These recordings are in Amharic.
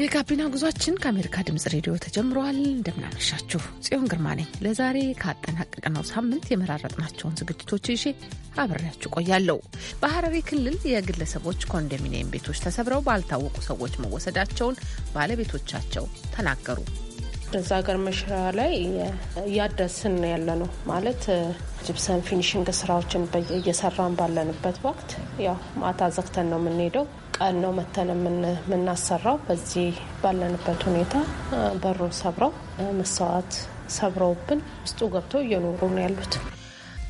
የጋቢና ጉዟችን ከአሜሪካ ድምጽ ሬዲዮ ተጀምረዋል። እንደምናመሻችሁ ጽዮን ግርማ ነኝ። ለዛሬ ካጠናቀቅነው ሳምንት የመራረጥናቸውን ዝግጅቶች ይዤ አብሬያችሁ ቆያለሁ። በሐረሪ ክልል የግለሰቦች ኮንዶሚኒየም ቤቶች ተሰብረው ባልታወቁ ሰዎች መወሰዳቸውን ባለቤቶቻቸው ተናገሩ። በዛ ሀገር መሽራ ላይ እያደስን ያለ ነው ማለት ጅብሰን ፊኒሽንግ ስራዎችን እየሰራን ባለንበት ወቅት ያው ማታ ዘግተን ነው የምንሄደው፣ ቀን ነው መተን የምናሰራው። በዚህ ባለንበት ሁኔታ በሩን ሰብረው መስተዋት ሰብረውብን ውስጡ ገብተው እየኖሩ ነው ያሉት።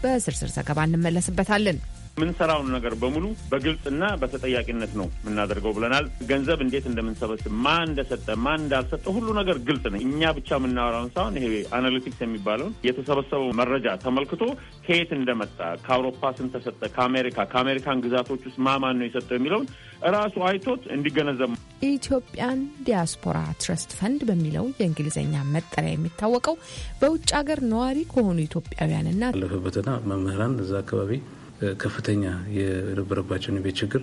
በዝርዝር ዘገባ እንመለስበታለን። የምንሰራውን ነገር በሙሉ በግልጽና በተጠያቂነት ነው የምናደርገው ብለናል። ገንዘብ እንዴት እንደምንሰበስብ፣ ማን እንደሰጠ፣ ማን እንዳልሰጠ ሁሉ ነገር ግልጽ ነው። እኛ ብቻ የምናወራውን ሳይሆን ይሄ አናሊቲክስ የሚባለውን የተሰበሰበው መረጃ ተመልክቶ ከየት እንደመጣ ከአውሮፓ ስንት ተሰጠ፣ ከአሜሪካ ከአሜሪካን ግዛቶች ውስጥ ማማን ነው የሰጠው የሚለውን እራሱ አይቶት እንዲገነዘብ የኢትዮጵያን ዲያስፖራ ትረስት ፈንድ በሚለው የእንግሊዝኛ መጠሪያ የሚታወቀው በውጭ ሀገር ነዋሪ ከሆኑ ኢትዮጵያውያንና ያለፈበትና መምህራን እዛ አካባቢ ከፍተኛ የነበረባቸውን የቤት ችግር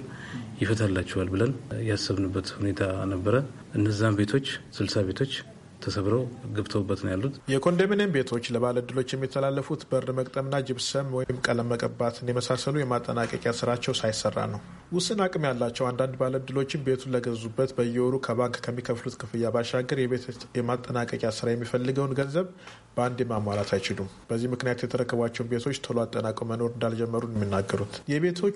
ይፈታላቸዋል ብለን ያሰብንበት ሁኔታ ነበረ። እነዛን ቤቶች ስልሳ ቤቶች ተሰብረው ገብተውበት ነው ያሉት። የኮንዶሚኒየም ቤቶች ለባለድሎች የሚተላለፉት በር መቅጠምና ጅብሰም ወይም ቀለም መቀባትን የመሳሰሉ የማጠናቀቂያ ስራቸው ሳይሰራ ነው። ውስን አቅም ያላቸው አንዳንድ ባለዕድሎችም ቤቱን ለገዙበት በየወሩ ከባንክ ከሚከፍሉት ክፍያ ባሻገር የቤት የማጠናቀቂያ ስራ የሚፈልገውን ገንዘብ በአንድ ማሟላት አይችሉም። በዚህ ምክንያት የተረከቧቸውን ቤቶች ቶሎ አጠናቀው መኖር እንዳልጀመሩ የሚናገሩት የቤቶቹ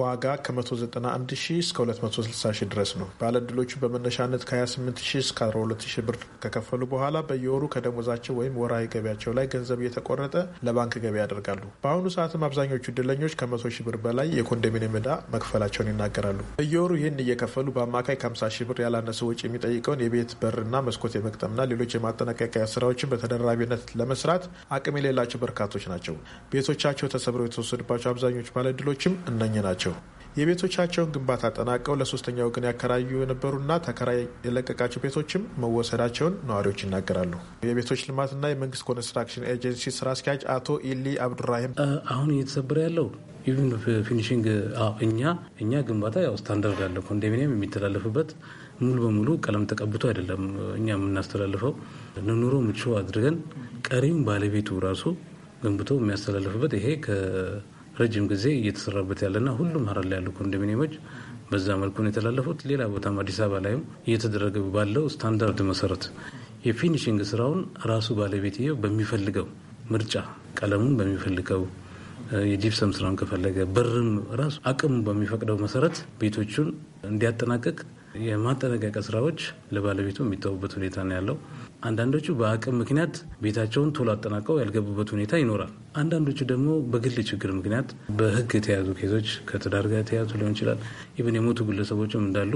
ዋጋ ከ191 ሺ እስከ 260 ድረስ ነው። ባለድሎቹ በመነሻነት ከ28 ሺ እስከ 12 ብር ከከፈሉ በኋላ በየወሩ ከደሞዛቸው ወይም ወራዊ ገቢያቸው ላይ ገንዘብ እየተቆረጠ ለባንክ ገቢ ያደርጋሉ። በአሁኑ ሰዓትም አብዛኞቹ እድለኞች ከመቶ ሺህ ብር በላይ የኮንዶሚኒየም ዕዳ መክፈላቸውን ይናገራሉ። በየወሩ ይህን እየከፈሉ በአማካይ ከ50 ሺህ ብር ያላነሰ ወጪ የሚጠይቀውን የቤት በርና መስኮት የመቅጠምና ሌሎች የማጠናቀቂያ ስራዎችን በተደራቢነት ለመስራት አቅም የሌላቸው በርካቶች ናቸው። ቤቶቻቸው ተሰብረው የተወሰዱባቸው አብዛኞቹ ባለዕድሎችም እነኝ ናቸው። የቤቶቻቸውን ግንባታ አጠናቀው ለሶስተኛ ወገን ያከራዩ የነበሩና ተከራይ የለቀቃቸው ቤቶችም መወሰዳቸውን ነዋሪዎች ይናገራሉ። የቤቶች ልማትና የመንግስት ኮንስትራክሽን ኤጀንሲ ስራ አስኪያጅ አቶ ኢሊ አብዱራሂም አሁን እየተሰበረ ያለው ኢቭን ፊኒሽንግ እኛ እኛ ግንባታ ያው ስታንዳርድ አለ ኮንዶሚኒየም የሚተላለፍበት ሙሉ በሙሉ ቀለም ተቀብቶ አይደለም እኛ የምናስተላልፈው ለኑሮ ምቹ አድርገን ቀሪም ባለቤቱ ራሱ ገንብቶ የሚያስተላልፍበት ይሄ ረጅም ጊዜ እየተሰራበት ያለና ሁሉም ሀረር ላይ ያሉ ኮንዶሚኒየሞች በዛ መልኩ ነው የተላለፉት። ሌላ ቦታም አዲስ አበባ ላይም እየተደረገ ባለው ስታንዳርድ መሰረት የፊኒሽንግ ስራውን ራሱ ባለቤትየው በሚፈልገው ምርጫ ቀለሙን በሚፈልገው የጂፕሰም ስራውን ከፈለገ በርም ራሱ አቅሙ በሚፈቅደው መሰረት ቤቶቹን እንዲያጠናቀቅ የማጠናቀቂያ ስራዎች ለባለቤቱ የሚታወበት ሁኔታ ነው ያለው። አንዳንዶቹ በአቅም ምክንያት ቤታቸውን ቶሎ አጠናቀው ያልገቡበት ሁኔታ ይኖራል። አንዳንዶቹ ደግሞ በግል ችግር ምክንያት በህግ የተያዙ ኬዞች ከትዳር ጋር የተያዙ ሊሆን ይችላል። ኢቨን የሞቱ ግለሰቦችም እንዳሉ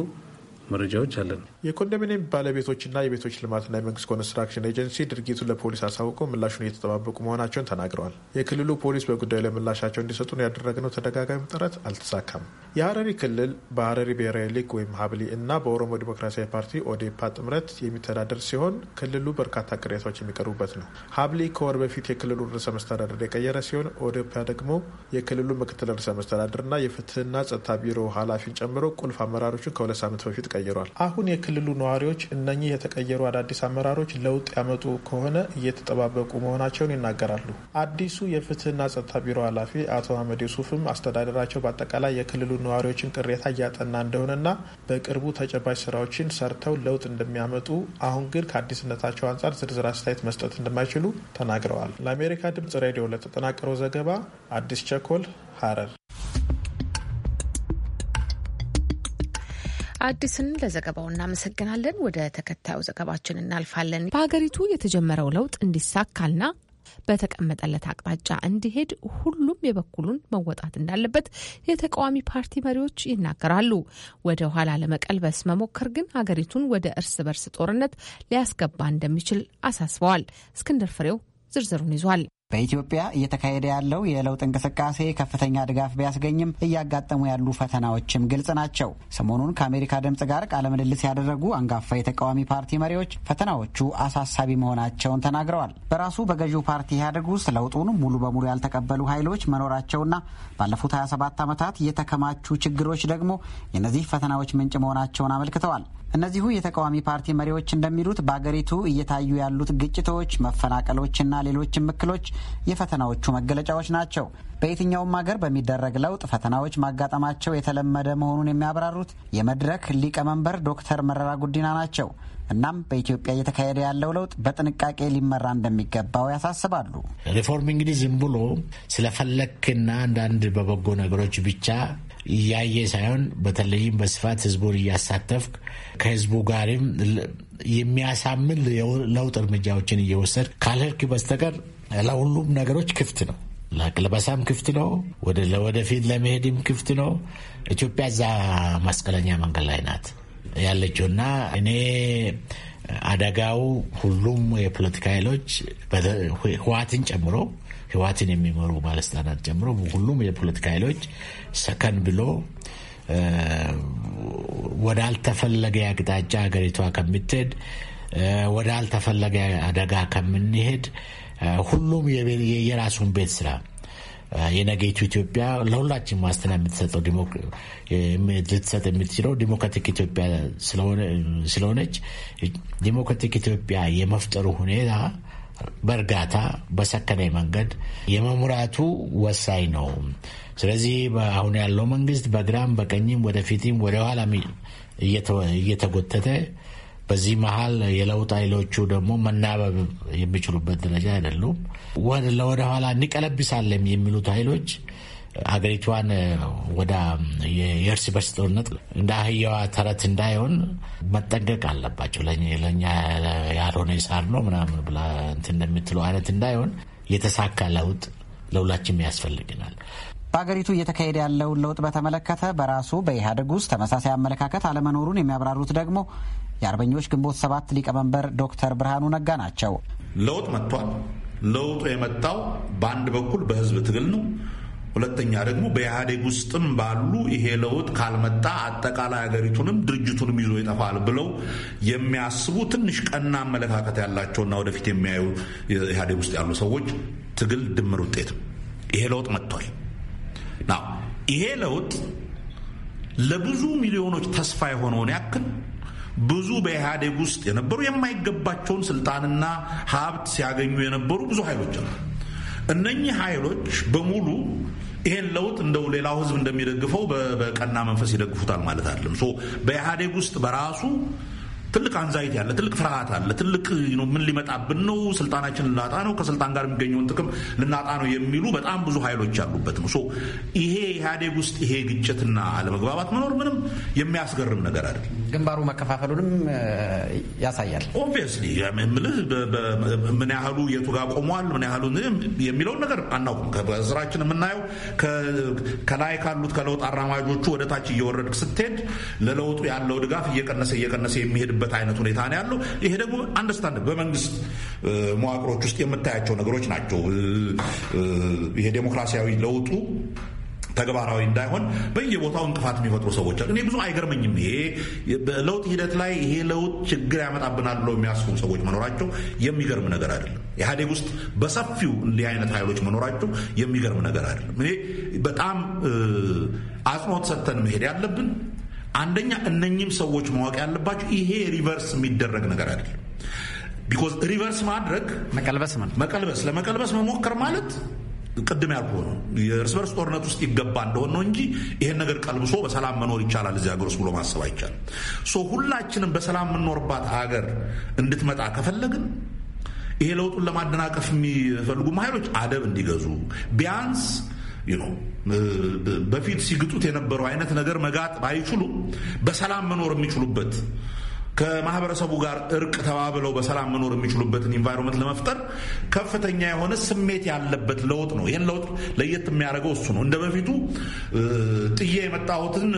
መረጃዎች አለን። የኮንዶሚኒየም ባለቤቶችና የቤቶች ልማትና የመንግስት ኮንስትራክሽን ኤጀንሲ ድርጊቱን ለፖሊስ አሳውቀው ምላሹን እየተጠባበቁ መሆናቸውን ተናግረዋል። የክልሉ ፖሊስ በጉዳዩ ላይ ምላሻቸው እንዲሰጡን ያደረግነው ተደጋጋሚ ጥረት አልተሳካም። የሀረሪ ክልል በሀረሪ ብሔራዊ ሊግ ወይም ሀብሊ እና በኦሮሞ ዴሞክራሲያዊ ፓርቲ ኦዴፓ ጥምረት የሚተዳደር ሲሆን ክልሉ በርካታ ቅሬታዎች የሚቀርቡበት ነው። ሀብሊ ከወር በፊት የክልሉ ርዕሰ መስተዳደር የቀየረ ሲሆን ኦዴፓ ደግሞ የክልሉ ምክትል ርዕሰ መስተዳደርና የፍትህና ጸጥታ ቢሮ ኃላፊን ጨምሮ ቁልፍ አመራሮቹን ከሁለት ሳምንት በፊት ተቀይሯል። አሁን የክልሉ ነዋሪዎች እነኚህ የተቀየሩ አዳዲስ አመራሮች ለውጥ ያመጡ ከሆነ እየተጠባበቁ መሆናቸውን ይናገራሉ። አዲሱ የፍትህና ጸጥታ ቢሮ ኃላፊ አቶ አህመድ ዩሱፍም አስተዳደራቸው በአጠቃላይ የክልሉ ነዋሪዎችን ቅሬታ እያጠና እንደሆነና በቅርቡ ተጨባጭ ስራዎችን ሰርተው ለውጥ እንደሚያመጡ አሁን ግን ከአዲስነታቸው አንጻር ዝርዝር አስተያየት መስጠት እንደማይችሉ ተናግረዋል። ለአሜሪካ ድምጽ ሬዲዮ ለተጠናቀረው ዘገባ አዲስ ቸኮል ሀረር። አዲስን ለዘገባው እናመሰግናለን። ወደ ተከታዩ ዘገባችን እናልፋለን። በሀገሪቱ የተጀመረው ለውጥ እንዲሳካና በተቀመጠለት አቅጣጫ እንዲሄድ ሁሉም የበኩሉን መወጣት እንዳለበት የተቃዋሚ ፓርቲ መሪዎች ይናገራሉ። ወደ ኋላ ለመቀልበስ መሞከር ግን ሀገሪቱን ወደ እርስ በርስ ጦርነት ሊያስገባ እንደሚችል አሳስበዋል። እስክንድር ፍሬው ዝርዝሩን ይዟል። በኢትዮጵያ እየተካሄደ ያለው የለውጥ እንቅስቃሴ ከፍተኛ ድጋፍ ቢያስገኝም እያጋጠሙ ያሉ ፈተናዎችም ግልጽ ናቸው። ሰሞኑን ከአሜሪካ ድምፅ ጋር ቃለ ምልልስ ያደረጉ አንጋፋ የተቃዋሚ ፓርቲ መሪዎች ፈተናዎቹ አሳሳቢ መሆናቸውን ተናግረዋል። በራሱ በገዢው ፓርቲ ኢህአዴግ ውስጥ ለውጡን ሙሉ በሙሉ ያልተቀበሉ ኃይሎች መኖራቸውና ባለፉት 27 ዓመታት የተከማቹ ችግሮች ደግሞ የእነዚህ ፈተናዎች ምንጭ መሆናቸውን አመልክተዋል። እነዚሁ የተቃዋሚ ፓርቲ መሪዎች እንደሚሉት በአገሪቱ እየታዩ ያሉት ግጭቶች፣ መፈናቀሎችና ሌሎችም ምክሎች የፈተናዎቹ መገለጫዎች ናቸው። በየትኛውም ሀገር በሚደረግ ለውጥ ፈተናዎች ማጋጠማቸው የተለመደ መሆኑን የሚያብራሩት የመድረክ ሊቀመንበር ዶክተር መረራ ጉዲና ናቸው። እናም በኢትዮጵያ እየተካሄደ ያለው ለውጥ በጥንቃቄ ሊመራ እንደሚገባው ያሳስባሉ። ሪፎርም እንግዲህ ዝም ብሎ ስለፈለክና አንዳንድ በበጎ ነገሮች ብቻ እያየ ሳይሆን በተለይም በስፋት ህዝቡን እያሳተፍክ ከህዝቡ ጋርም የሚያሳምን ለውጥ እርምጃዎችን እየወሰድ ካልህርክ በስተቀር ለሁሉም ነገሮች ክፍት ነው። ለቅልበሳም ክፍት ነው። ወደፊት ለመሄድም ክፍት ነው። ኢትዮጵያ እዛ መስቀለኛ መንገድ ላይ ናት ያለችው እና እኔ አደጋው ሁሉም የፖለቲካ ኃይሎች ህወሓትን ጨምሮ ህወሓትን የሚመሩ ባለስልጣናት ጨምሮ ሁሉም የፖለቲካ ኃይሎች ሰከን ብሎ ወዳልተፈለገ አቅጣጫ ሀገሪቷ ከምትሄድ ወዳልተፈለገ አደጋ ከምንሄድ ሁሉም የራሱን ቤት ስራ የነገቱ ኢትዮጵያ ለሁላችን ዋስትና የምትሰጠው ልትሰጥ የምትችለው ዲሞክራቲክ ኢትዮጵያ ስለሆነች ዲሞክራቲክ ኢትዮጵያ የመፍጠሩ ሁኔታ በእርጋታ በሰከነ መንገድ የመምራቱ ወሳኝ ነው። ስለዚህ አሁን ያለው መንግስት በግራም በቀኝም ወደፊትም ወደኋላ እየተጎተተ በዚህ መሀል የለውጥ ኃይሎቹ ደግሞ መናበብ የሚችሉበት ደረጃ አይደሉም። ለወደኋላ እንቀለብሳለም የሚሉት ኃይሎች አገሪቷን ወደ የእርስ በርስ ጦርነት እንደ አህያዋ ተረት እንዳይሆን መጠንቀቅ አለባቸው። ለእኛ ያልሆነ ሳር ነው ምናምን ብላ እንትን እንደምትለው አይነት እንዳይሆን የተሳካ ለውጥ ለሁላችንም ያስፈልግናል። በአገሪቱ እየተካሄደ ያለውን ለውጥ በተመለከተ በራሱ በኢህአዴግ ውስጥ ተመሳሳይ አመለካከት አለመኖሩን የሚያብራሩት ደግሞ የአርበኞች ግንቦት ሰባት ሊቀመንበር ዶክተር ብርሃኑ ነጋ ናቸው። ለውጥ መጥቷል። ለውጡ የመጣው በአንድ በኩል በህዝብ ትግል ነው ሁለተኛ ደግሞ በኢህአዴግ ውስጥም ባሉ ይሄ ለውጥ ካልመጣ አጠቃላይ ሀገሪቱንም ድርጅቱንም ይዞ ይጠፋል ብለው የሚያስቡ ትንሽ ቀና አመለካከት ያላቸውና ወደፊት የሚያዩ ኢህአዴግ ውስጥ ያሉ ሰዎች ትግል ድምር ውጤት ይሄ ለውጥ መጥቷል። ይሄ ለውጥ ለብዙ ሚሊዮኖች ተስፋ የሆነውን ያክል ብዙ በኢህአዴግ ውስጥ የነበሩ የማይገባቸውን ስልጣንና ሀብት ሲያገኙ የነበሩ ብዙ ኃይሎች አሉ። እነኚህ ኃይሎች በሙሉ ይሄን ለውጥ እንደው ሌላው ህዝብ እንደሚደግፈው በቀና መንፈስ ይደግፉታል ማለት አይደለም። በኢህአዴግ ውስጥ በራሱ ትልቅ አንዛይቲ አለ፣ ትልቅ ፍርሃት አለ፣ ትልቅ ምን ሊመጣብን ነው፣ ስልጣናችን ልናጣ ነው፣ ከስልጣን ጋር የሚገኘውን ጥቅም ልናጣ ነው የሚሉ በጣም ብዙ ኃይሎች ያሉበት ነው። ይሄ ኢህአዴግ ውስጥ ይሄ ግጭትና አለመግባባት መኖር ምንም የሚያስገርም ነገር አይደለም። ግንባሩ መከፋፈሉንም ያሳያል። ኦብቪየስሊ የምልህ ምን ያህሉ የቱ ጋር ቆሟል፣ ምን ያህሉ የሚለውን ነገር አናውቅም። ከስራችን የምናየው ከላይ ካሉት ከለውጥ አራማጆቹ ወደ ታች እየወረድክ ስትሄድ ለለውጡ ያለው ድጋፍ እየቀነሰ እየቀነሰ የሚሄድ የሚሄድበት አይነት ሁኔታ ነው ያለው። ይሄ ደግሞ አንደርስታንድ በመንግስት መዋቅሮች ውስጥ የምታያቸው ነገሮች ናቸው። ይሄ ዴሞክራሲያዊ ለውጡ ተግባራዊ እንዳይሆን በየቦታው እንቅፋት የሚፈጥሩ ሰዎች አሉ። እኔ ብዙ አይገርመኝም። ይሄ በለውጥ ሂደት ላይ ይሄ ለውጥ ችግር ያመጣብናል ብለው የሚያስቡ ሰዎች መኖራቸው የሚገርም ነገር አይደለም። ኢህአዴግ ውስጥ በሰፊው እንዲህ አይነት ኃይሎች መኖራቸው የሚገርም ነገር አይደለም። እኔ በጣም አጽንኦት ሰጥተን መሄድ ያለብን አንደኛ እነኚህም ሰዎች ማወቅ ያለባቸው ይሄ ሪቨርስ የሚደረግ ነገር አይደለም። ቢኮዝ ሪቨርስ ማድረግ መቀልበስ መቀልበስ ለመቀልበስ መሞከር ማለት ቅድም ያልኩ ነው የእርስ በርስ ጦርነት ውስጥ ይገባ እንደሆን ነው እንጂ ይሄን ነገር ቀልብሶ በሰላም መኖር ይቻላል እዚህ ሀገር ውስጥ ብሎ ማሰብ አይቻልም። ሶ ሁላችንም በሰላም የምንኖርባት ሀገር እንድትመጣ ከፈለግን ይሄ ለውጡን ለማደናቀፍ የሚፈልጉ ኃይሎች አደብ እንዲገዙ ቢያንስ በፊት ሲግጡት የነበረው አይነት ነገር መጋጥ ባይችሉ በሰላም መኖር የሚችሉበት ከማህበረሰቡ ጋር እርቅ ተባብለው በሰላም መኖር የሚችሉበትን ኢንቫይሮንመንት ለመፍጠር ከፍተኛ የሆነ ስሜት ያለበት ለውጥ ነው። ይህን ለውጥ ለየት የሚያደርገው እሱ ነው። እንደ በፊቱ ጥዬ የመጣሁትን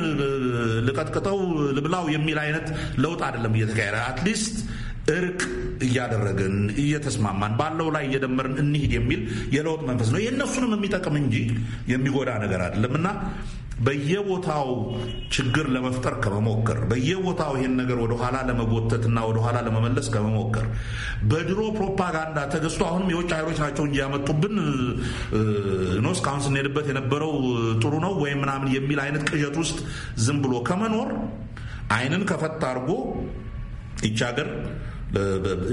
ልቀጥቅጠው ልብላው የሚል አይነት ለውጥ አይደለም እየተካሄደ አትሊስት እርቅ እያደረግን እየተስማማን ባለው ላይ እየደመርን እንሂድ የሚል የለውጥ መንፈስ ነው። የእነሱንም የሚጠቅም እንጂ የሚጎዳ ነገር አይደለም እና በየቦታው ችግር ለመፍጠር ከመሞከር በየቦታው ይህን ነገር ወደኋላ ለመጎተትና ወደኋላ ለመመለስ ከመሞከር በድሮ ፕሮፓጋንዳ ተገዝቶ አሁንም የውጭ ኃይሎች ናቸው እንጂ ያመጡብን ነው እስካሁን ስንሄድበት የነበረው ጥሩ ነው ወይም ምናምን የሚል አይነት ቅዠት ውስጥ ዝም ብሎ ከመኖር አይንን ከፈት አድርጎ ይቻገር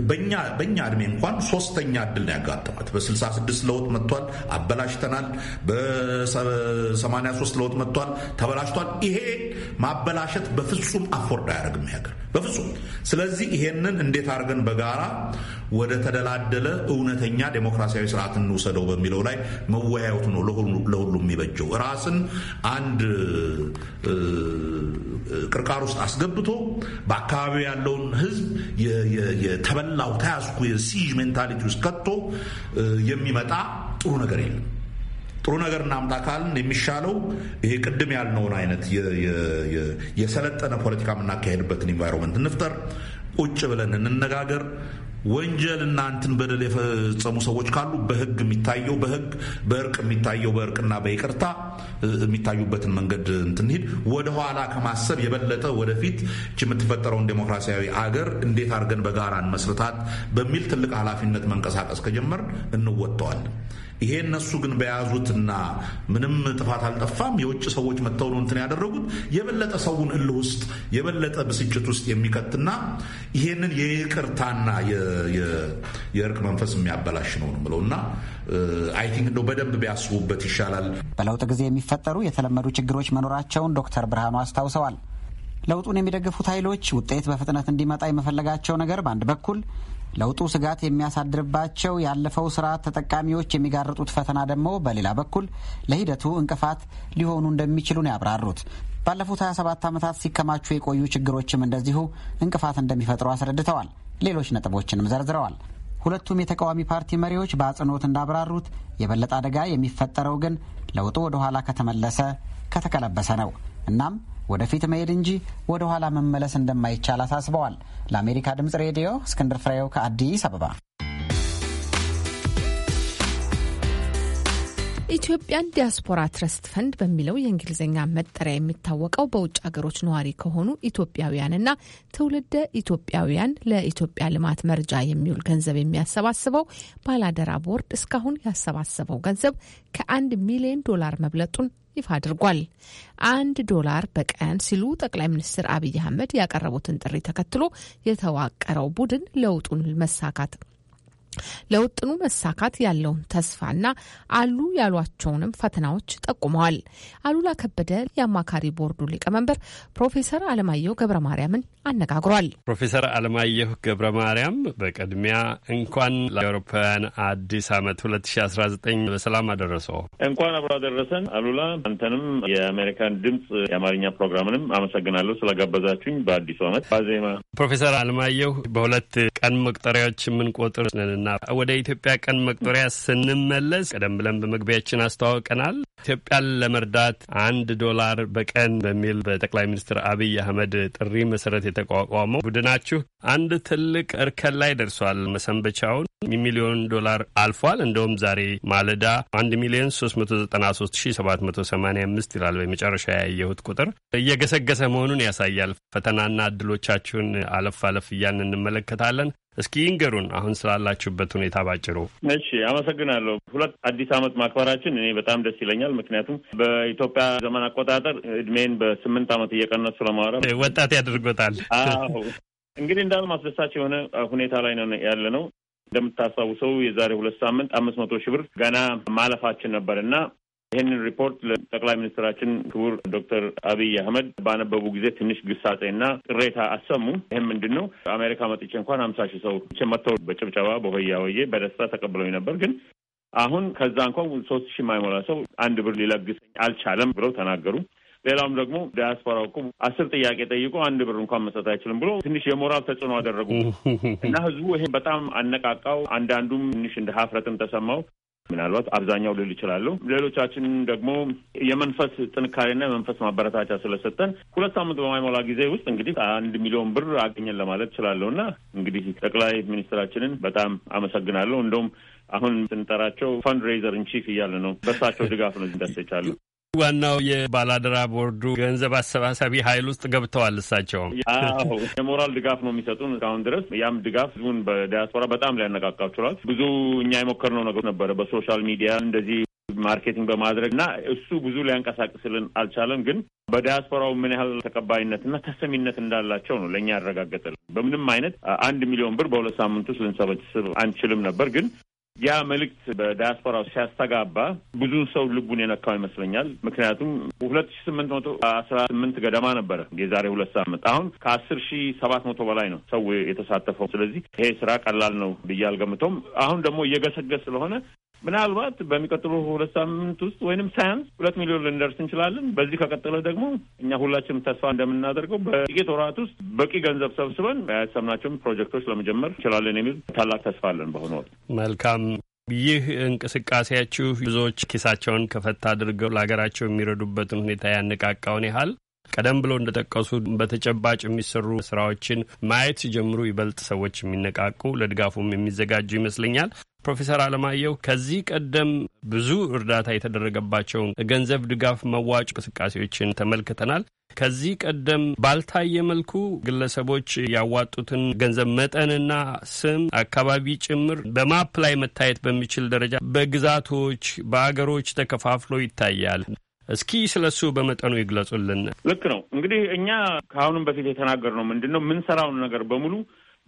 በእኛ እድሜ እንኳን ሶስተኛ እድል ነው ያጋጠማት። በ66 ለውጥ መጥቷል፣ አበላሽተናል። በ83 ለውጥ መጥቷል፣ ተበላሽቷል። ይሄ ማበላሸት በፍጹም አፎርድ አያደርግም ያገር በፍጹም። ስለዚህ ይሄንን እንዴት አድርገን በጋራ ወደ ተደላደለ እውነተኛ ዴሞክራሲያዊ ስርዓት እንውሰደው በሚለው ላይ መወያየቱ ነው ለሁሉ የሚበጀው። ራስን አንድ ቅርቃር ውስጥ አስገብቶ በአካባቢው ያለውን ህዝብ የተበላው ተያዝኩ የሲጅ ሜንታሊቲ ውስጥ ከቶ የሚመጣ ጥሩ ነገር የለም። ጥሩ ነገር እናምጣ ካልን የሚሻለው ይሄ ቅድም ያልነውን አይነት የሰለጠነ ፖለቲካ የምናካሄድበትን ኢንቫይሮንመንት እንፍጠር። ቁጭ ብለን እንነጋገር። ወንጀል እና እንትን በደል የፈጸሙ ሰዎች ካሉ በህግ የሚታየው በህግ በእርቅ የሚታየው በእርቅና በይቅርታ የሚታዩበትን መንገድ እንትንሄድ ወደኋላ ከማሰብ የበለጠ ወደፊት የምትፈጠረውን ዴሞክራሲያዊ አገር እንዴት አድርገን በጋራ እንመስርታት በሚል ትልቅ ኃላፊነት መንቀሳቀስ ከጀመር እንወጥተዋለን። ይሄ እነሱ ግን በያዙትና ምንም ጥፋት አልጠፋም የውጭ ሰዎች መተው ነው እንትን ያደረጉት የበለጠ ሰውን እል ውስጥ የበለጠ ብስጭት ውስጥ የሚከትና ይሄንን የይቅርታና የእርቅ መንፈስ የሚያበላሽ ነው ነው እና አይ ቲንክ እንደው በደንብ ቢያስቡበት ይሻላል። በለውጥ ጊዜ የሚፈጠሩ የተለመዱ ችግሮች መኖራቸውን ዶክተር ብርሃኑ አስታውሰዋል። ለውጡን የሚደግፉት ኃይሎች ውጤት በፍጥነት እንዲመጣ የመፈለጋቸው ነገር በአንድ በኩል ለውጡ ስጋት የሚያሳድርባቸው ያለፈው ስርዓት ተጠቃሚዎች የሚጋርጡት ፈተና ደግሞ በሌላ በኩል ለሂደቱ እንቅፋት ሊሆኑ እንደሚችሉ ነው ያብራሩት። ባለፉት 27 ዓመታት ሲከማቹ የቆዩ ችግሮችም እንደዚሁ እንቅፋት እንደሚፈጥሩ አስረድተዋል። ሌሎች ነጥቦችንም ዘርዝረዋል። ሁለቱም የተቃዋሚ ፓርቲ መሪዎች በአጽንኦት እንዳብራሩት የበለጠ አደጋ የሚፈጠረው ግን ለውጡ ወደ ኋላ ከተመለሰ ከተቀለበሰ ነው። እናም ወደፊት መሄድ እንጂ ወደ ኋላ መመለስ እንደማይቻል አሳስበዋል። ለአሜሪካ ድምጽ ሬዲዮ እስክንድር ፍሬው ከአዲስ አበባ። ኢትዮጵያን ዲያስፖራ ትረስት ፈንድ በሚለው የእንግሊዝኛ መጠሪያ የሚታወቀው በውጭ ሀገሮች ነዋሪ ከሆኑ ኢትዮጵያውያንና ትውልደ ኢትዮጵያውያን ለኢትዮጵያ ልማት መርጃ የሚውል ገንዘብ የሚያሰባስበው ባላደራ ቦርድ እስካሁን ያሰባሰበው ገንዘብ ከአንድ ሚሊዮን ዶላር መብለጡን ይፋ አድርጓል። አንድ ዶላር በቀን ሲሉ ጠቅላይ ሚኒስትር አብይ አህመድ ያቀረቡትን ጥሪ ተከትሎ የተዋቀረው ቡድን ለውጡን መሳካት ለውጥኑ መሳካት ያለውን ተስፋና አሉ ያሏቸውንም ፈተናዎች ጠቁመዋል። አሉላ ከበደ የአማካሪ ቦርዱ ሊቀመንበር ፕሮፌሰር አለማየሁ ገብረ ማርያምን አነጋግሯል። ፕሮፌሰር አለማየሁ ገብረ ማርያም በቅድሚያ እንኳን ለአውሮፓውያን አዲስ ዓመት 2019 በሰላም አደረሰው። እንኳን አብሮ አደረሰን። አሉላ አንተንም የአሜሪካን ድምፅ የአማርኛ ፕሮግራምንም አመሰግናለሁ ስለጋበዛችሁኝ በአዲሱ ዓመት ዋዜማ ፕሮፌሰር አለማየሁ በሁለት ቀን መቁጠሪያዎች የምንቆጥር ነንና እና ወደ ኢትዮጵያ ቀን መቁጠሪያ ስንመለስ ቀደም ብለን በመግቢያችን አስተዋውቀናል። ኢትዮጵያን ለመርዳት አንድ ዶላር በቀን በሚል በጠቅላይ ሚኒስትር አብይ አህመድ ጥሪ መሰረት የተቋቋመው ቡድናችሁ አንድ ትልቅ እርከን ላይ ደርሷል። መሰንበቻውን ሚሊዮን ዶላር አልፏል። እንደውም ዛሬ ማለዳ አንድ ሚሊዮን ሶስት መቶ ዘጠና ሶስት ሺ ሰባት መቶ ሰማኒያ አምስት ይላል በመጨረሻ ያየሁት ቁጥር እየገሰገሰ መሆኑን ያሳያል። ፈተናና እድሎቻችሁን አለፍ አለፍ እያን እንመለከታለን። እስኪ ይንገሩን አሁን ስላላችሁበት ሁኔታ ባጭሩ። እሺ፣ አመሰግናለሁ። ሁለት አዲስ አመት ማክበራችን እኔ በጣም ደስ ይለኛል። ምክንያቱም በኢትዮጵያ ዘመን አቆጣጠር እድሜን በስምንት ዓመት እየቀነሱ ለማውራት ወጣት ያደርጎታል። አዎ እንግዲህ እንዳልም አስደሳች የሆነ ሁኔታ ላይ ነው ያለ ነው። እንደምታስታውሰው የዛሬ ሁለት ሳምንት አምስት መቶ ሺህ ብር ገና ማለፋችን ነበር እና ይህንን ሪፖርት ለጠቅላይ ሚኒስትራችን ክቡር ዶክተር አብይ አህመድ ባነበቡ ጊዜ ትንሽ ግሳጼና ቅሬታ አሰሙ። ይህም ምንድን ነው? አሜሪካ መጥቼ እንኳን ሀምሳ ሺህ ሰው መጥተው በጭብጨባ በሆያ ወዬ በደስታ ተቀብለው ነበር ግን አሁን ከዛ እንኳን ሶስት ሺህ የማይሞላ ሰው አንድ ብር ሊለግሰኝ አልቻለም ብለው ተናገሩ። ሌላውም ደግሞ ዲያስፖራ እኮ አስር ጥያቄ ጠይቆ አንድ ብር እንኳን መስጠት አይችልም ብሎ ትንሽ የሞራል ተጽዕኖ አደረጉ እና ህዝቡ ይሄ በጣም አነቃቃው። አንዳንዱም ትንሽ እንደ ሀፍረትም ተሰማው። ምናልባት አብዛኛው ልል ይችላሉ። ሌሎቻችን ደግሞ የመንፈስ ጥንካሬና የመንፈስ ማበረታቻ ስለሰጠን ሁለት ሳምንት በማይሞላ ጊዜ ውስጥ እንግዲህ አንድ ሚሊዮን ብር አገኘን ለማለት እችላለሁ እና እንግዲህ ጠቅላይ ሚኒስትራችንን በጣም አመሰግናለሁ። እንደውም አሁን ስንጠራቸው ፈንድሬዘር ኢን ቺፍ እያለ ነው። በእሳቸው ድጋፍ ነው ደስ ይቻሉ። ዋናው የባላደራ ቦርዱ ገንዘብ አሰባሳቢ ኃይል ውስጥ ገብተዋል። እሳቸውም የሞራል ድጋፍ ነው የሚሰጡን እስካሁን ድረስ። ያም ድጋፍ ህዝቡን በዲያስፖራ በጣም ሊያነቃቃ ችሏል። ብዙ እኛ የሞከርነው ነገር ነበረ በሶሻል ሚዲያ እንደዚህ ማርኬቲንግ በማድረግ እና እሱ ብዙ ሊያንቀሳቅስልን አልቻለም። ግን በዲያስፖራው ምን ያህል ተቀባይነትና ተሰሚነት እንዳላቸው ነው ለእኛ ያረጋገጠልን። በምንም አይነት አንድ ሚሊዮን ብር በሁለት ሳምንት ውስጥ ልንሰበስብ አንችልም ነበር፣ ግን ያ መልእክት በዲያስፖራው ሲያስተጋባ ብዙ ሰው ልቡን የነካው ይመስለኛል። ምክንያቱም ሁለት ሺ ስምንት መቶ አስራ ስምንት ገደማ ነበረ የዛሬ ሁለት ሳምንት፣ አሁን ከአስር ሺ ሰባት መቶ በላይ ነው ሰው የተሳተፈው። ስለዚህ ይሄ ስራ ቀላል ነው ብዬ አልገምተውም። አሁን ደግሞ እየገሰገስ ስለሆነ ምናልባት በሚቀጥሉ ሁለት ሳምንት ውስጥ ወይንም ሳያንስ ሁለት ሚሊዮን ልንደርስ እንችላለን። በዚህ ከቀጠለ ደግሞ እኛ ሁላችንም ተስፋ እንደምናደርገው በጥቂት ወራት ውስጥ በቂ ገንዘብ ሰብስበን ያሰብናቸውን ፕሮጀክቶች ለመጀመር እንችላለን የሚል ታላቅ ተስፋ አለን። በሆነ ወቅት መልካም ይህ እንቅስቃሴያችሁ ብዙዎች ኪሳቸውን ከፈታ አድርገው ለሀገራቸው የሚረዱበትን ሁኔታ ያነቃቃውን ያህል ቀደም ብሎ እንደጠቀሱ በተጨባጭ የሚሰሩ ስራዎችን ማየት ሲጀምሩ ይበልጥ ሰዎች የሚነቃቁ ለድጋፉም የሚዘጋጁ ይመስለኛል። ፕሮፌሰር አለማየሁ ከዚህ ቀደም ብዙ እርዳታ የተደረገባቸውን ገንዘብ ድጋፍ መዋጭ እንቅስቃሴዎችን ተመልክተናል። ከዚህ ቀደም ባልታየ መልኩ ግለሰቦች ያዋጡትን ገንዘብ መጠንና ስም አካባቢ ጭምር በማፕ ላይ መታየት በሚችል ደረጃ በግዛቶች በአገሮች ተከፋፍሎ ይታያል። እስኪ ስለ እሱ በመጠኑ ይግለጹልን። ልክ ነው። እንግዲህ እኛ ከአሁንም በፊት ነው ምንድን ነው የምንሰራውን ነገር በሙሉ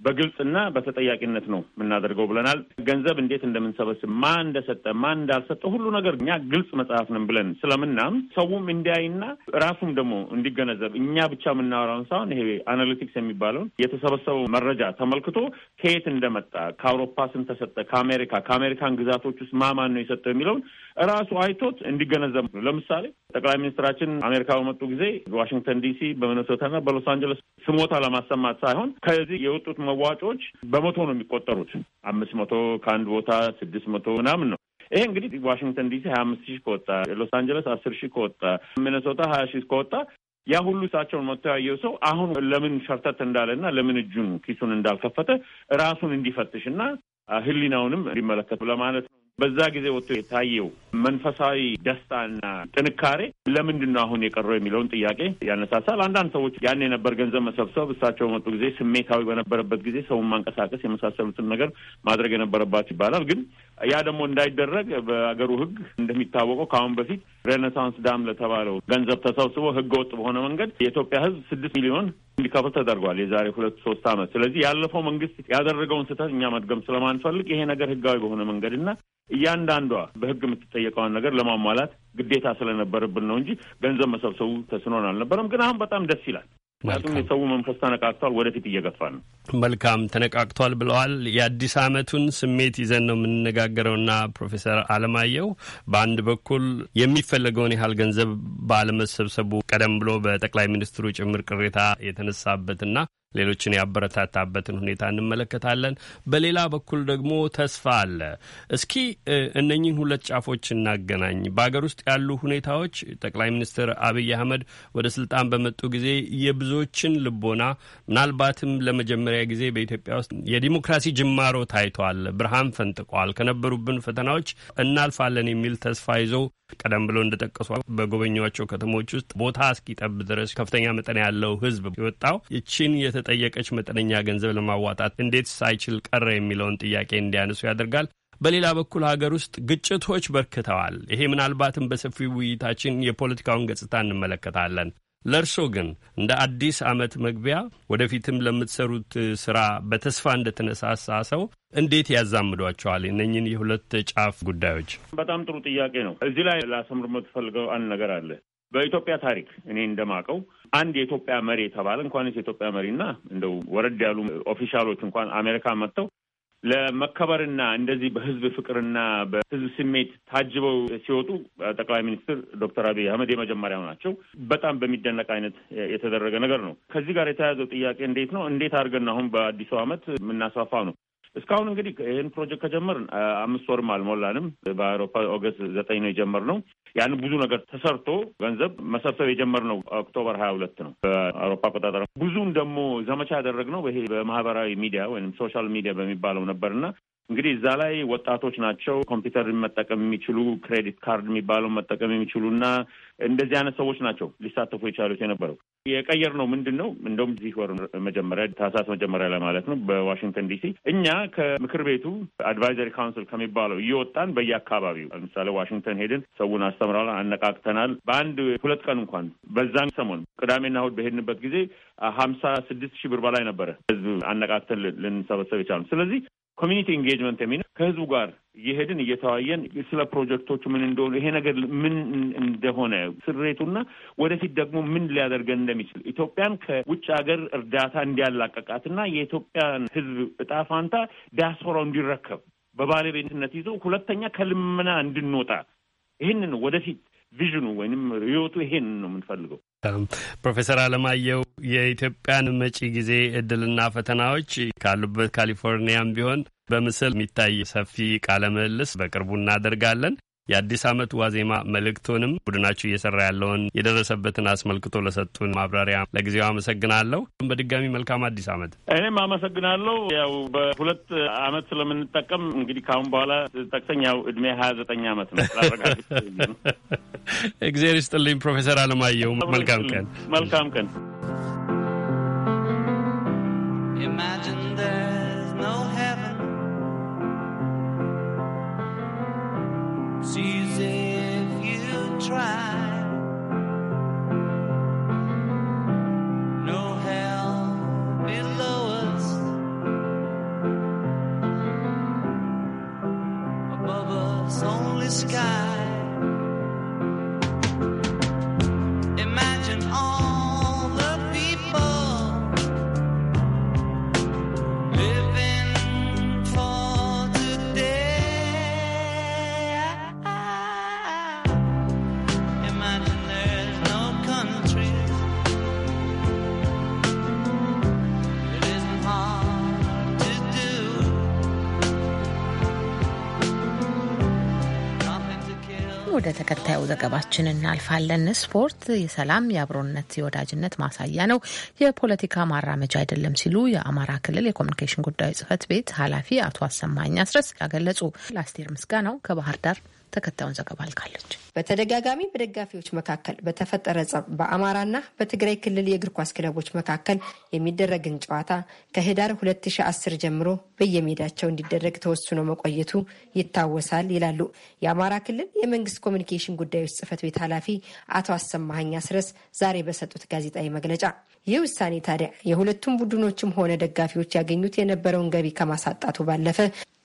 በግልጽና በተጠያቂነት ነው የምናደርገው ብለናል። ገንዘብ እንዴት እንደምንሰበስብ፣ ማን እንደሰጠ፣ ማን እንዳልሰጠ ሁሉ ነገር እኛ ግልጽ መጽሐፍ ነን ብለን ስለምናም ሰውም እንዲያይና ራሱም ደግሞ እንዲገነዘብ እኛ ብቻ የምናወራውን ሳይሆን ይሄ አናሊቲክስ የሚባለውን የተሰበሰበው መረጃ ተመልክቶ ከየት እንደመጣ ከአውሮፓ ስንት ተሰጠ፣ ከአሜሪካ ከአሜሪካን ግዛቶች ውስጥ ማማን ነው የሰጠው የሚለውን ራሱ አይቶት እንዲገነዘብ ነው። ለምሳሌ ጠቅላይ ሚኒስትራችን አሜሪካ በመጡ ጊዜ በዋሽንግተን ዲሲ፣ በሚነሶታና በሎስ አንጀለስ ስሞታ ለማሰማት ሳይሆን ከዚህ የወጡት መዋጮዎች በመቶ ነው የሚቆጠሩት። አምስት መቶ ከአንድ ቦታ ስድስት መቶ ምናምን ነው። ይሄ እንግዲህ ዋሽንግተን ዲሲ ሀያ አምስት ሺህ ከወጣ ሎስ አንጀለስ አስር ሺህ ከወጣ ሚነሶታ ሀያ ሺህ ከወጣ ያ ሁሉ እሳቸውን መጥቶ ያየው ሰው አሁን ለምን ሸርተት እንዳለና ለምን እጁን ኪሱን እንዳልከፈተ ራሱን እንዲፈትሽ ህሊናውንም ሕሊናውንም እንዲመለከት ለማለት ነው። በዛ ጊዜ ወጥቶ የታየው መንፈሳዊ ደስታና ጥንካሬ ለምንድን ነው አሁን የቀረው የሚለውን ጥያቄ ያነሳሳል። አንዳንድ ሰዎች ያን የነበር ገንዘብ መሰብሰብ፣ እሳቸው መጡ ጊዜ ስሜታዊ በነበረበት ጊዜ ሰውን ማንቀሳቀስ የመሳሰሉትን ነገር ማድረግ የነበረባቸው ይባላል። ግን ያ ደግሞ እንዳይደረግ በአገሩ ሕግ እንደሚታወቀው ከአሁን በፊት ሬኔሳንስ ዳም ለተባለው ገንዘብ ተሰብስቦ ሕገ ወጥ በሆነ መንገድ የኢትዮጵያ ሕዝብ ስድስት ሚሊዮን እንዲከፍል ተደርጓል የዛሬ ሁለት ሶስት አመት። ስለዚህ ያለፈው መንግስት ያደረገውን ስህተት እኛ መድገም ስለማንፈልግ ይሄ ነገር ህጋዊ በሆነ መንገድና እያንዳንዷ በህግ የምትጠየቀውን ነገር ለማሟላት ግዴታ ስለነበረብን ነው እንጂ ገንዘብ መሰብሰቡ ተስኖን አልነበረም። ግን አሁን በጣም ደስ ይላል። ምክንያቱም የሰው መንፈስ ተነቃቅቷል፣ ወደፊት እየገፋ ነው። መልካም ተነቃቅቷል ብለዋል። የአዲስ አመቱን ስሜት ይዘን ነው የምንነጋገረውና ፕሮፌሰር አለማየሁ በአንድ በኩል የሚፈለገውን ያህል ገንዘብ ባለመሰብሰቡ ቀደም ብሎ በጠቅላይ ሚኒስትሩ ጭምር ቅሬታ የተነሳበትና ሌሎችን ያበረታታበትን ሁኔታ እንመለከታለን። በሌላ በኩል ደግሞ ተስፋ አለ። እስኪ እነኚህን ሁለት ጫፎች እናገናኝ። በሀገር ውስጥ ያሉ ሁኔታዎች ጠቅላይ ሚኒስትር አብይ አህመድ ወደ ስልጣን በመጡ ጊዜ የብዙዎችን ልቦና ምናልባትም ለመጀመሪያ ጊዜ በኢትዮጵያ ውስጥ የዲሞክራሲ ጅማሮ ታይቷል፣ ብርሃን ፈንጥቋል፣ ከነበሩብን ፈተናዎች እናልፋለን የሚል ተስፋ ይዘው ቀደም ብሎ እንደጠቀሱ በጎበኟቸው ከተሞች ውስጥ ቦታ እስኪጠብ ድረስ ከፍተኛ መጠን ያለው ህዝብ የወጣው ይችን የተጠየቀች መጠነኛ ገንዘብ ለማዋጣት እንዴት ሳይችል ቀረ የሚለውን ጥያቄ እንዲያነሱ ያደርጋል። በሌላ በኩል ሀገር ውስጥ ግጭቶች በርክተዋል። ይሄ ምናልባትም በሰፊው ውይይታችን የፖለቲካውን ገጽታ እንመለከታለን። ለእርሶ ግን እንደ አዲስ ዓመት መግቢያ ወደፊትም ለምትሰሩት ስራ በተስፋ እንደተነሳሳ ሰው እንዴት ያዛምዷቸዋል እነኝን የሁለት ጫፍ ጉዳዮች? በጣም ጥሩ ጥያቄ ነው። እዚህ ላይ ላሰምር የምትፈልገው አንድ ነገር አለ። በኢትዮጵያ ታሪክ እኔ እንደማቀው አንድ የኢትዮጵያ መሪ የተባለ እንኳን የኢትዮጵያ መሪና እንደው ወረድ ያሉ ኦፊሻሎች እንኳን አሜሪካ መጥተው ለመከበርና እንደዚህ በህዝብ ፍቅርና በህዝብ ስሜት ታጅበው ሲወጡ ጠቅላይ ሚኒስትር ዶክተር አብይ አህመድ የመጀመሪያው ናቸው። በጣም በሚደነቅ አይነት የተደረገ ነገር ነው። ከዚህ ጋር የተያያዘው ጥያቄ እንዴት ነው እንዴት አድርገን አሁን በአዲሱ ዓመት የምናስፋፋ ነው? እስካሁን እንግዲህ ይህን ፕሮጀክት ከጀመርን አምስት ወርም አልሞላንም። በአውሮፓ ኦገስት ዘጠኝ ነው የጀመርነው። ያን ብዙ ነገር ተሰርቶ ገንዘብ መሰብሰብ የጀመርነው ኦክቶበር ሀያ ሁለት ነው በአውሮፓ አቆጣጠር። ብዙም ደግሞ ዘመቻ ያደረግነው ይሄ በማህበራዊ ሚዲያ ወይም ሶሻል ሚዲያ በሚባለው ነበርና እንግዲህ እዛ ላይ ወጣቶች ናቸው ኮምፒውተር መጠቀም የሚችሉ ክሬዲት ካርድ የሚባለው መጠቀም የሚችሉ እና እንደዚህ አይነት ሰዎች ናቸው ሊሳተፉ የቻሉት የነበረው። የቀየር ነው ምንድን ነው እንደውም እዚህ ወር መጀመሪያ ታህሳስ መጀመሪያ ላይ ማለት ነው በዋሽንግተን ዲሲ እኛ ከምክር ቤቱ አድቫይዘሪ ካውንስል ከሚባለው እየወጣን በየአካባቢው ለምሳሌ ዋሽንግተን ሄድን፣ ሰውን አስተምራል፣ አነቃቅተናል። በአንድ ሁለት ቀን እንኳን በዛን ሰሞን ቅዳሜና እሑድ በሄድንበት ጊዜ ሀምሳ ስድስት ሺህ ብር በላይ ነበረ ህዝብ አነቃቅተን ልንሰበሰብ የቻሉ ስለዚህ ኮሚኒቲ ኢንጌጅመንት የሚለው ከህዝቡ ጋር እየሄድን እየተዋየን ስለ ፕሮጀክቶቹ ምን እንደሆነ ይሄ ነገር ምን እንደሆነ ስሬቱና ወደፊት ደግሞ ምን ሊያደርገን እንደሚችል ኢትዮጵያን ከውጭ ሀገር እርዳታ እንዲያላቀቃትና የኢትዮጵያን ህዝብ እጣ ፋንታ ዲያስፖራው እንዲረከብ በባለቤትነት ይዞ ሁለተኛ ከልመና እንድንወጣ ይህንን ወደፊት ቪዥኑ ወይም ህይወቱ ይሄንን ነው የምንፈልገው። ፕሮፌሰር አለማየሁ የኢትዮጵያን መጪ ጊዜ እድልና ፈተናዎች ካሉበት ካሊፎርኒያም ቢሆን በምስል የሚታይ ሰፊ ቃለ ምልልስ በቅርቡ እናደርጋለን። የአዲስ ዓመት ዋዜማ መልእክቶንም ቡድናችሁ እየሰራ ያለውን የደረሰበትን አስመልክቶ ለሰጡን ማብራሪያ ለጊዜው አመሰግናለሁ። በድጋሚ መልካም አዲስ ዓመት። እኔም አመሰግናለሁ። ያው በሁለት ዓመት ስለምንጠቀም እንግዲህ ከአሁን በኋላ ጠቅሰኝ ያው እድሜ ሀያ ዘጠኝ ዓመት ነው። እግዜር ይስጥልኝ ፕሮፌሰር አለማየሁ መልካም ቀን። መልካም ቀን። Imagine that It's easy if you try. No hell below us. Above us, only sky. ተከታዩ ዘገባችን እናልፋለን። ስፖርት የሰላም የአብሮነት፣ የወዳጅነት ማሳያ ነው፣ የፖለቲካ ማራመጃ አይደለም ሲሉ የአማራ ክልል የኮሚኒኬሽን ጉዳዮች ጽህፈት ቤት ኃላፊ አቶ አሰማኝ አስረስ ያገለጹ ላስቴር ምስጋናው ከባህር ዳር ተከታዩን ዘገባ አልካለች። በተደጋጋሚ በደጋፊዎች መካከል በተፈጠረ ጸብ በአማራና በትግራይ ክልል የእግር ኳስ ክለቦች መካከል የሚደረግን ጨዋታ ከህዳር 2010 ጀምሮ በየሜዳቸው እንዲደረግ ተወስኖ መቆየቱ ይታወሳል ይላሉ የአማራ ክልል የመንግስት ኮሚኒኬሽን ጉዳዮች ጽህፈት ቤት ኃላፊ አቶ አሰማሀኝ አስረስ ዛሬ በሰጡት ጋዜጣዊ መግለጫ። ይህ ውሳኔ ታዲያ የሁለቱም ቡድኖችም ሆነ ደጋፊዎች ያገኙት የነበረውን ገቢ ከማሳጣቱ ባለፈ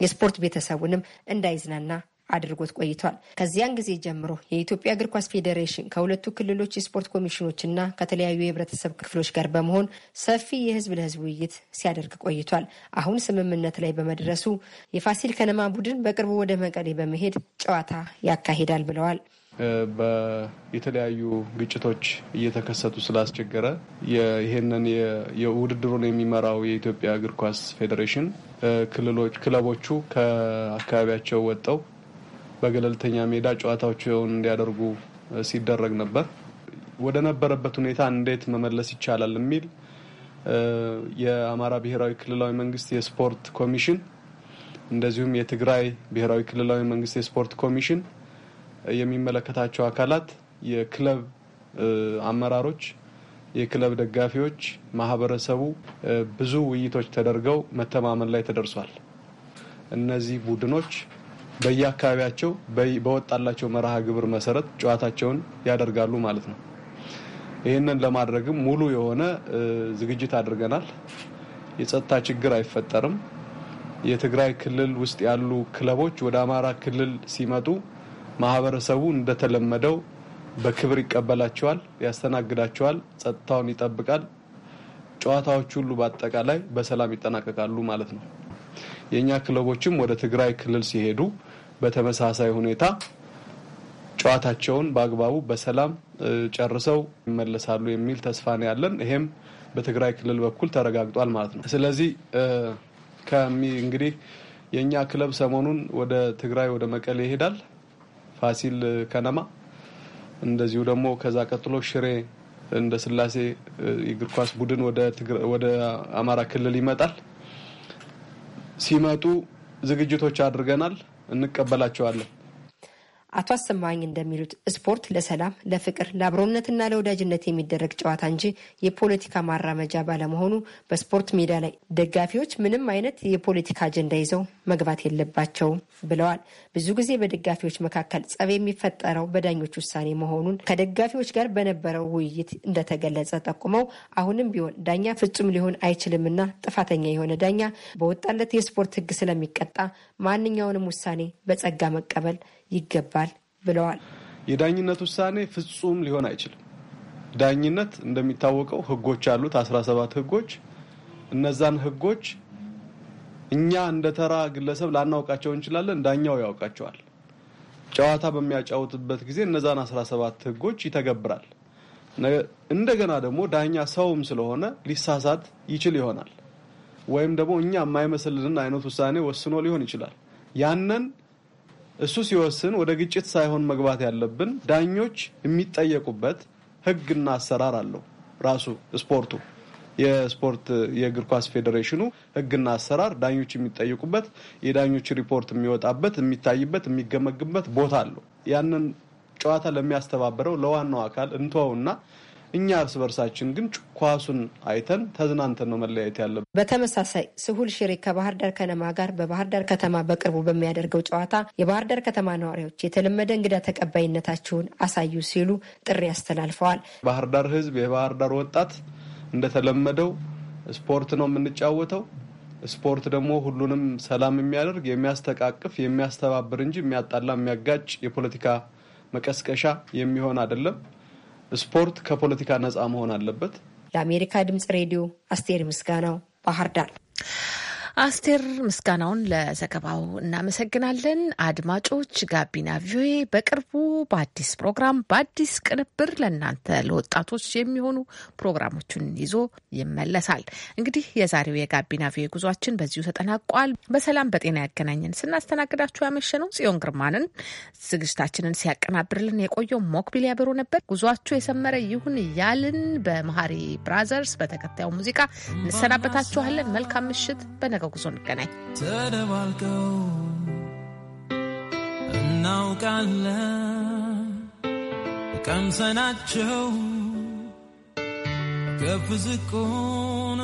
የስፖርት ቤተሰቡንም እንዳይዝናና አድርጎት ቆይቷል። ከዚያን ጊዜ ጀምሮ የኢትዮጵያ እግር ኳስ ፌዴሬሽን ከሁለቱ ክልሎች የስፖርት ኮሚሽኖች እና ከተለያዩ የህብረተሰብ ክፍሎች ጋር በመሆን ሰፊ የህዝብ ለህዝብ ውይይት ሲያደርግ ቆይቷል። አሁን ስምምነት ላይ በመድረሱ የፋሲል ከነማ ቡድን በቅርቡ ወደ መቀሌ በመሄድ ጨዋታ ያካሂዳል ብለዋል። የተለያዩ ግጭቶች እየተከሰቱ ስላስቸገረ ይህንን የውድድሩን የሚመራው የኢትዮጵያ እግር ኳስ ፌዴሬሽን ክልሎች ክለቦቹ ከአካባቢያቸው ወጠው በገለልተኛ ሜዳ ጨዋታዎችን እንዲያደርጉ ሲደረግ ነበር። ወደ ነበረበት ሁኔታ እንዴት መመለስ ይቻላል የሚል የአማራ ብሔራዊ ክልላዊ መንግስት የስፖርት ኮሚሽን እንደዚሁም የትግራይ ብሔራዊ ክልላዊ መንግስት የስፖርት ኮሚሽን የሚመለከታቸው አካላት፣ የክለብ አመራሮች፣ የክለብ ደጋፊዎች፣ ማህበረሰቡ ብዙ ውይይቶች ተደርገው መተማመን ላይ ተደርሷል። እነዚህ ቡድኖች በየአካባቢያቸው በወጣላቸው መርሃ ግብር መሰረት ጨዋታቸውን ያደርጋሉ ማለት ነው። ይህንን ለማድረግም ሙሉ የሆነ ዝግጅት አድርገናል። የጸጥታ ችግር አይፈጠርም። የትግራይ ክልል ውስጥ ያሉ ክለቦች ወደ አማራ ክልል ሲመጡ ማህበረሰቡ እንደተለመደው በክብር ይቀበላቸዋል፣ ያስተናግዳቸዋል፣ ጸጥታውን ይጠብቃል። ጨዋታዎች ሁሉ በአጠቃላይ በሰላም ይጠናቀቃሉ ማለት ነው። የእኛ ክለቦችም ወደ ትግራይ ክልል ሲሄዱ በተመሳሳይ ሁኔታ ጨዋታቸውን በአግባቡ በሰላም ጨርሰው ይመለሳሉ የሚል ተስፋ ነው ያለን። ይሄም በትግራይ ክልል በኩል ተረጋግጧል ማለት ነው። ስለዚህ ከሚ እንግዲህ የእኛ ክለብ ሰሞኑን ወደ ትግራይ ወደ መቀሌ ይሄዳል፣ ፋሲል ከነማ እንደዚሁ ደግሞ ከዛ ቀጥሎ ሽሬ እንደ ስላሴ የእግር ኳስ ቡድን ወደ አማራ ክልል ይመጣል። ሲመጡ ዝግጅቶች አድርገናል፣ እንቀበላቸዋለን። አቶ አሰማኝ እንደሚሉት ስፖርት ለሰላም፣ ለፍቅር፣ ለአብሮነትና ለወዳጅነት የሚደረግ ጨዋታ እንጂ የፖለቲካ ማራመጃ ባለመሆኑ በስፖርት ሜዳ ላይ ደጋፊዎች ምንም አይነት የፖለቲካ አጀንዳ ይዘው መግባት የለባቸውም ብለዋል። ብዙ ጊዜ በደጋፊዎች መካከል ጸብ የሚፈጠረው በዳኞች ውሳኔ መሆኑን ከደጋፊዎች ጋር በነበረው ውይይት እንደተገለጸ ጠቁመው አሁንም ቢሆን ዳኛ ፍጹም ሊሆን አይችልምና ጥፋተኛ የሆነ ዳኛ በወጣለት የስፖርት ሕግ ስለሚቀጣ ማንኛውንም ውሳኔ በጸጋ መቀበል ይገባል ብለዋል። የዳኝነት ውሳኔ ፍጹም ሊሆን አይችልም። ዳኝነት እንደሚታወቀው ሕጎች አሉት፣ አስራ ሰባት ሕጎች እነዛን ሕጎች እኛ እንደ ተራ ግለሰብ ላናውቃቸው እንችላለን፣ ዳኛው ያውቃቸዋል። ጨዋታ በሚያጫውትበት ጊዜ እነዛን 17 ህጎች ይተገብራል። እንደገና ደግሞ ዳኛ ሰውም ስለሆነ ሊሳሳት ይችል ይሆናል። ወይም ደግሞ እኛ የማይመስልንን አይነት ውሳኔ ወስኖ ሊሆን ይችላል። ያንን እሱ ሲወስን ወደ ግጭት ሳይሆን መግባት ያለብን ዳኞች የሚጠየቁበት ህግና አሰራር አለው ራሱ ስፖርቱ የስፖርት የእግር ኳስ ፌዴሬሽኑ ህግና አሰራር ዳኞች የሚጠይቁበት የዳኞች ሪፖርት የሚወጣበት የሚታይበት የሚገመግምበት ቦታ አለው። ያንን ጨዋታ ለሚያስተባብረው ለዋናው አካል እንተወውና እኛ እርስ በርሳችን ግን ኳሱን አይተን ተዝናንተን ነው መለያየት ያለብን። በተመሳሳይ ስሁል ሽሬ ከባህር ዳር ከነማ ጋር በባህር ዳር ከተማ በቅርቡ በሚያደርገው ጨዋታ የባህር ዳር ከተማ ነዋሪዎች የተለመደ እንግዳ ተቀባይነታችሁን አሳዩ ሲሉ ጥሪ አስተላልፈዋል። ባህር ዳር ህዝብ፣ የባህር ዳር ወጣት እንደተለመደው ስፖርት ነው የምንጫወተው። ስፖርት ደግሞ ሁሉንም ሰላም የሚያደርግ የሚያስተቃቅፍ፣ የሚያስተባብር እንጂ የሚያጣላ፣ የሚያጋጭ የፖለቲካ መቀስቀሻ የሚሆን አይደለም። ስፖርት ከፖለቲካ ነፃ መሆን አለበት። ለአሜሪካ ድምጽ ሬዲዮ አስቴር ምስጋናው ባህር ዳር አስቴር ምስጋናውን ለዘገባው እናመሰግናለን። አድማጮች፣ ጋቢና ቪዮኤ በቅርቡ በአዲስ ፕሮግራም በአዲስ ቅንብር ለእናንተ ለወጣቶች የሚሆኑ ፕሮግራሞችን ይዞ ይመለሳል። እንግዲህ የዛሬው የጋቢና ቪዮኤ ጉዟችን በዚሁ ተጠናቋል። በሰላም በጤና ያገናኘን። ስናስተናግዳችሁ ያመሸነው ጽዮን ግርማንን፣ ዝግጅታችንን ሲያቀናብርልን የቆየው ሞክቢል ያበሮ ነበር። ጉዟችሁ የሰመረ ይሁን እያልን በመሀሪ ብራዘርስ በተከታዩ ሙዚቃ እንሰናበታችኋለን። መልካም ምሽት በነገ ጉዞ እንገናኝ። ተደባልቀው እናውቃለን ቀምሰናቸው ከፍ ዝቁን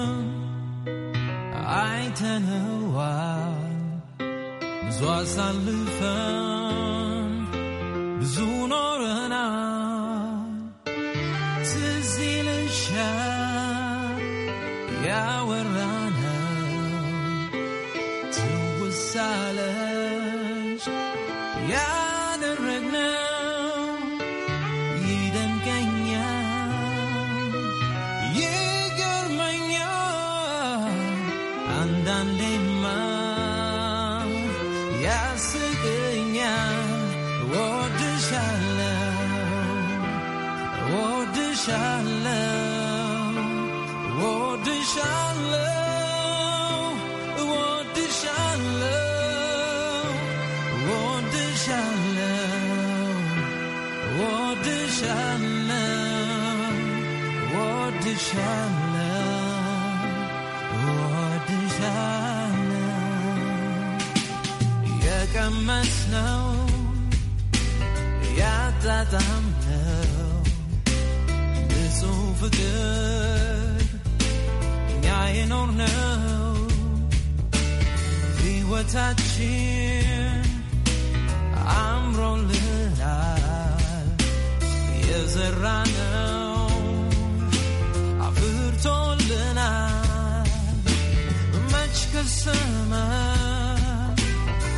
አይተነዋል ብዙ አሳልፈን ብዙ ኖረናል። وتشمم وتشمم وتشمم يا كمسنا يا تتمنا بصوف كر يا ينورنا في وتاتشين عمرو لنا የዘራነው አፍርቶልናል። መች ከሰማ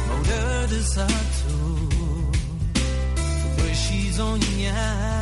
መውደድ እሳቱ ፍቅርሽ ይዞኛል